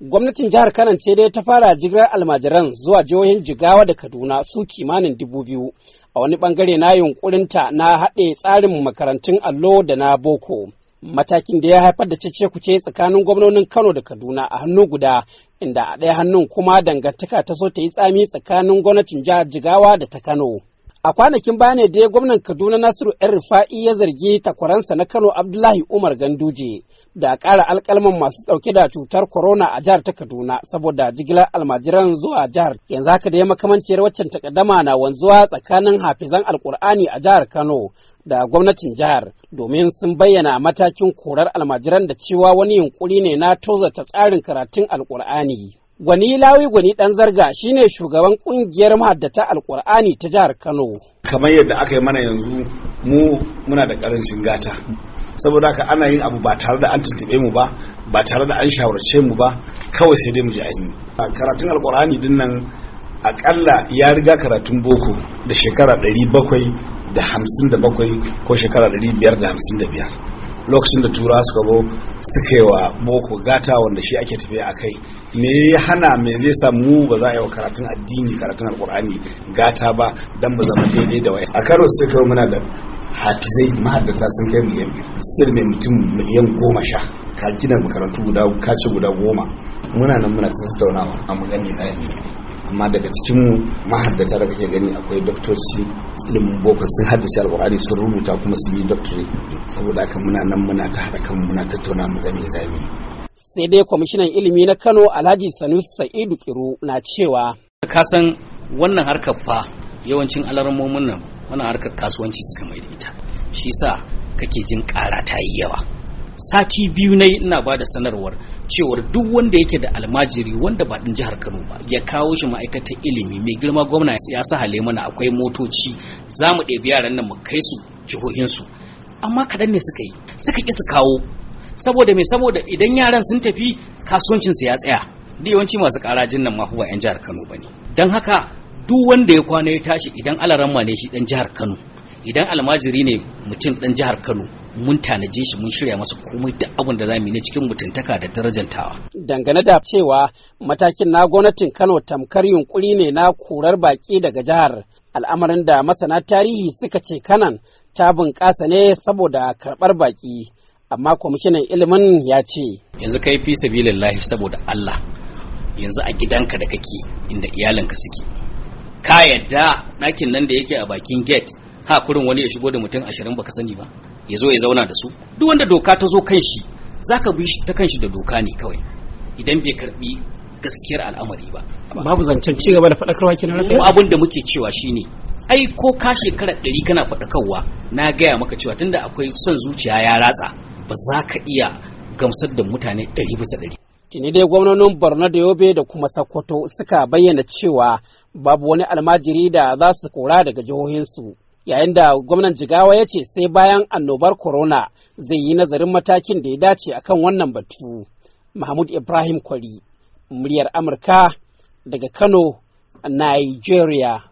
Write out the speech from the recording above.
Gwamnatin jihar Kano ce dai ta fara jigilar almajiran zuwa jihohin Jigawa da Kaduna su kimanin dubu biyu a wani bangare na yunkurinta na haɗe tsarin makarantun allo da na boko. Matakin da ya haifar da cece ce tsakanin gwamnonin Kano da Kaduna a hannu guda inda a ɗaya hannun kuma dangantaka ta so ta yi tsami tsakanin gwamnatin jihar Jigawa da ta Kano. A kwanakin baya ne ya gwamnan Kaduna Nasiru ‘yan Rufa'i ya zargi takwaransa na Kano Abdullahi Umar Ganduje da ƙara alkalman masu ɗauke da cutar corona a jihar ta Kaduna saboda jigilar almajiran zuwa jihar. Yanzu haka da ya makamanciyar waccan takaddama na wanzuwa tsakanin hafizan alkur'ani a jihar Kano da gwamnatin jihar domin sun bayyana matakin korar almajiran da cewa wani yunƙuri ne na tozarta tsarin karatun alkur'ani Gwani Lawi Gwani ɗan zarga shine shugaban ƙungiyar mahaddata Alƙur'ani ta jihar Kano. Kamar yadda aka yi mana yanzu mu muna da ƙarancin gata. Saboda haka ana yin abu ba tare da an tuntuɓe mu ba, ba tare da an shawarce mu ba, kawai sai dai mu ji an yi. Karatun Alƙur'ani din nan aƙalla ya riga karatun boko da shekara ɗari bakwai da hamsin da bakwai ko shekara ɗari biyar da hamsin da biyar. lokacin da tura suka zo suka wa boko gata wanda shi ake tafiya a kai me ya hana me zai mu ba za a yi wa karatun addini karatun alkur'ani gata ba dan ba zama daidai da wai a karo sai muna da hafizai mahaddata sun kai miliyan sir mai mutum miliyan goma sha ka gina makarantu guda kace guda goma muna nan muna tattaunawa a mu gani amma daga cikin mahaddata da kake gani akwai doktoci ilimin boko sun haddace alkur'ani sun rubuta kuma sun yi doktori saboda haka muna nan muna ta haɗa kanmu muna tattauna mu ga zami sai dai kwamishinan ilimi na kano alhaji sanusi sa'idu kiro na cewa ka san wannan harkar fa yawancin alarmomin nan wannan harkar kasuwanci suka mai da ita shi sa kake jin ƙara ta yi yawa sati biyu na ina ba da sanarwar cewar duk wanda yake da almajiri wanda ba ɗin jihar kano ba ya kawo shi ma'aikatan ilimi mai girma gwamna ya sa hale mana akwai motoci za mu ɗebi yaran nan mu kai su jihohinsu amma kaɗan ne suka yi suka ƙi su kawo saboda mai saboda idan yaran sun tafi kasuwancinsu ya tsaya da yawanci masu ƙarajin nan ma ba 'yan jihar kano ba ne don haka duk wanda ya kwana ya tashi idan alaramma ne shi ɗan jihar kano idan almajiri ne mutum ɗan jihar kano mun tanaje shi mun shirya masa komai duk abin da za mu yi cikin mutuntaka da darajantawa. Dangane da cewa matakin na gwamnatin Kano tamkar yunkuri ne na korar baki daga jihar al'amarin da masana tarihi suka ce kanan ta bunƙasa ne saboda karɓar baki amma kwamishinan ilimin ya ce. Yanzu kai fi sabilillahi saboda Allah yanzu a gidanka da kake inda iyalinka suke. Ka yadda ɗakin nan da yake a bakin gate ha kurin wani ya shigo da mutum ashirin baka sani ba ya zo ya zauna da su duk wanda doka ta zo kan shi ka bi ta kan shi da doka ne kawai idan bai karbi gaskiyar al'amari ba babu zancen ci gaba da faɗakarwa nan kuma abin da muke cewa shine ai ko ka shekara ɗari kana faɗakarwa na gaya maka cewa tunda akwai son zuciya ya ratsa ba za ka iya gamsar da mutane ɗari bisa ɗari tuni dai gwamnonin borno da yobe da kuma sokoto suka bayyana cewa babu wani almajiri da za su kora daga jihohinsu yayin da gwamnan jigawa ya ce sai bayan annobar corona zai yi nazarin matakin da ya dace akan wannan batu mahmud ibrahim kwari muryar amurka daga kano nigeria